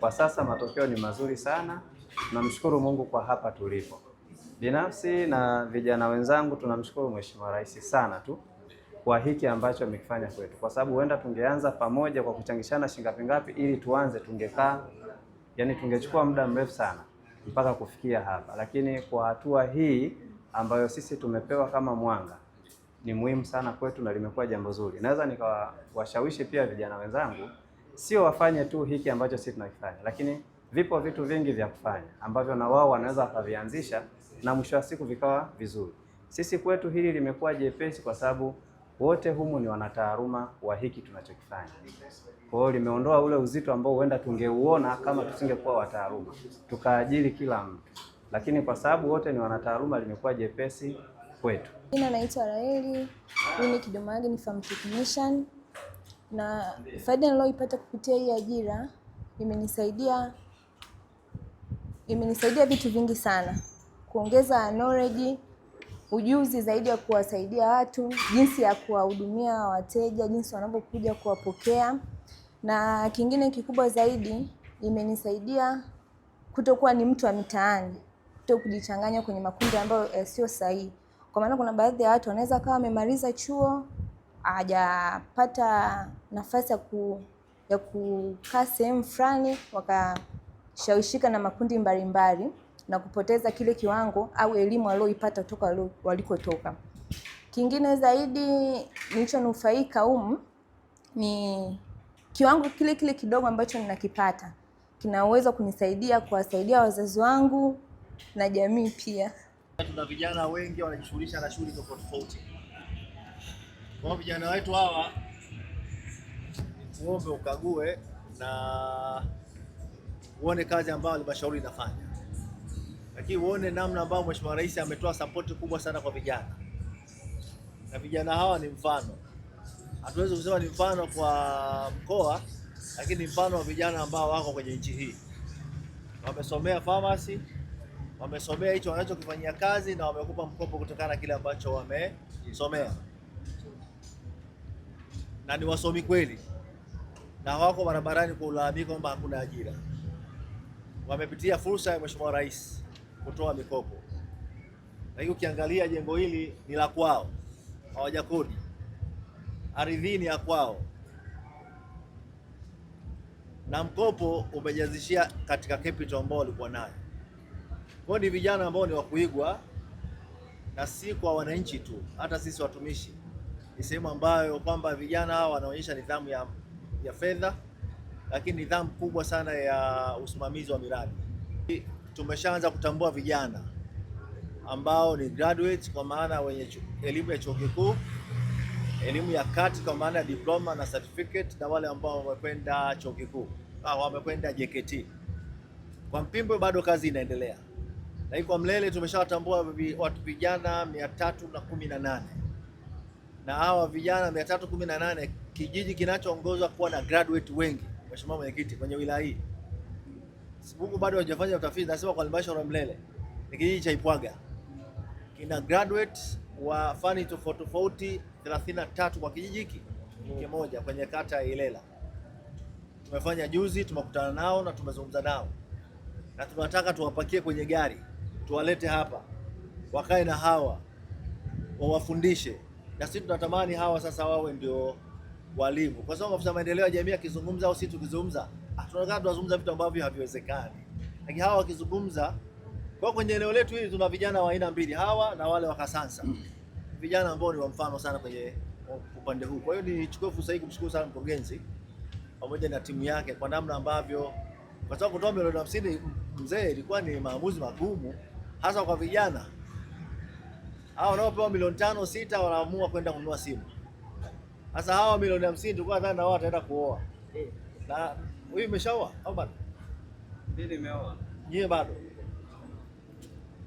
Kwa sasa matokeo ni mazuri sana, tunamshukuru Mungu kwa hapa tulipo. Binafsi na vijana wenzangu tunamshukuru Mheshimiwa Rais sana tu kwa hiki ambacho amekifanya kwetu, kwa sababu huenda tungeanza pamoja kwa kuchangishana shingapi ngapi ili tuanze, tungekaa yani, tungechukua muda mrefu sana mpaka kufikia hapa, lakini kwa hatua hii ambayo sisi tumepewa kama mwanga ni muhimu sana kwetu na limekuwa jambo zuri. Naweza nikawashawishi pia vijana wenzangu sio wafanye tu hiki ambacho sisi tunakifanya, lakini vipo vitu vingi vya kufanya ambavyo na wao wanaweza wakavianzisha na mwisho wa siku vikawa vizuri. Sisi kwetu hili limekuwa jepesi kwa sababu wote humu ni wanataaluma wa hiki tunachokifanya. Kwa hiyo limeondoa ule uzito ambao huenda tungeuona kama tusingekuwa wataaluma, tukaajiri kila mtu, lakini kwa sababu wote ni wanataaluma limekuwa jepesi kwetu. Jina naitwa Raeli, mimi Kidomage ni farm technician na faida niliyoipata kupitia hii ajira imenisaidia imenisaidia vitu vingi sana, kuongeza knowledge, ujuzi zaidi ya kuwasaidia watu, jinsi ya kuwahudumia wateja, jinsi wanavyokuja kuwapokea, na kingine kikubwa zaidi imenisaidia kutokuwa ni mtu wa mitaani, kuto kujichanganya kwenye makundi ambayo yasiyo eh, sio sahihi, kwa maana kuna baadhi ya watu wanaweza kawa wamemaliza chuo hajapata nafasi ya, ku, ya kukaa sehemu fulani, wakashawishika na makundi mbalimbali mbali, na kupoteza kile kiwango au elimu walioipata toka walikotoka. Kingine zaidi nilichonufaika humu ni kiwango kile kile kidogo ambacho ninakipata kina uwezo kunisaidia kuwasaidia wazazi wangu na jamii pia. Tuna vijana wengi wanajishughulisha na shughuli tofauti tofauti kwa vijana wetu hawa uombe ukague na uone kazi ambayo halmashauri inafanya, lakini uone namna ambayo Mheshimiwa Rais ametoa sapoti kubwa sana kwa vijana, na vijana hawa ni mfano. Hatuwezi kusema ni mfano kwa mkoa, lakini ni mfano wa vijana ambao wako kwenye nchi hii, wamesomea pharmacy, wamesomea hicho wanachokifanyia kazi, na wamekupa mkopo kutokana na kile ambacho wamesomea na ni wasomi kweli, na wako barabarani kwa ulalamika kwamba hakuna ajira. Wamepitia fursa ya Mheshimiwa Rais kutoa mikopo, lakini ukiangalia jengo hili ni la kwao, hawajakodi. Ardhi ni ya kwao, na mkopo umejazishia katika capital ambao walikuwa nayo. Kwa ni vijana ambao ni wakuigwa, na si kwa wananchi tu, hata sisi watumishi ni sehemu ambayo kwamba vijana hawa wanaonyesha nidhamu ya, ya fedha, lakini nidhamu kubwa sana ya usimamizi wa miradi. Tumeshaanza kutambua vijana ambao ni graduates kwa maana wenye elimu ya chuo kikuu, elimu ya kati kwa maana ya diploma na certificate, na wale ambao wamekwenda chuo kikuu au wamekwenda JKT. Kwa Mpimbwe bado kazi inaendelea, lakini kwa Mlele tumeshawatambua watu vijana mia tatu na kumi na nane na hawa vijana 318 kijiji kinachoongozwa kuwa na graduate wengi. Mheshimiwa Mwenyekiti, kwenye wilaya hii sibuku bado hajafanya utafiti, nasema kwa halmashauri Mlele ni kijiji cha Ipwaga kina graduate wa fani tofauti tofauti 33 kwa kijiji hiki kimoja kwenye kata ya Ilela. Tumefanya juzi, tumekutana nao na tumezungumza nao, na tunataka tuwapakie kwenye gari tuwalete hapa wakae na hawa wawafundishe na sisi tunatamani hawa sasa wawe ndio walimu, kwa sababu maafisa maendeleo ya jamii akizungumza au sisi tukizungumza ah, tunaonekana tunazungumza vitu ambavyo haviwezekani, lakini hawa wakizungumza kwa kwenye eneo letu hili tuna vijana wa aina mbili, hawa na wale wa Kasansa, mm. vijana ambao ni wa mfano sana kwenye upande huu. Kwa hiyo nichukue fursa hii kumshukuru sana mkurugenzi pamoja na timu yake kwa namna ambavyo, kwa sababu kutoa milioni hamsini mzee, ilikuwa ni maamuzi magumu hasa kwa vijana hao wanaopewa milioni tano sita wanaamua kwenda kununua simu. Sasa hawa milioni hamsini tulikuwa nadhani na wao wataenda kuoa. Na huyu imeshaoa au bado? Mimi nimeoa. Yeye bado.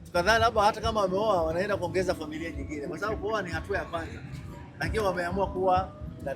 Tukadhani labda hata kama wameoa wanaenda kuongeza familia nyingine, kwa sababu kuoa ni hatua ya kwanza, lakini wameamua kuwa na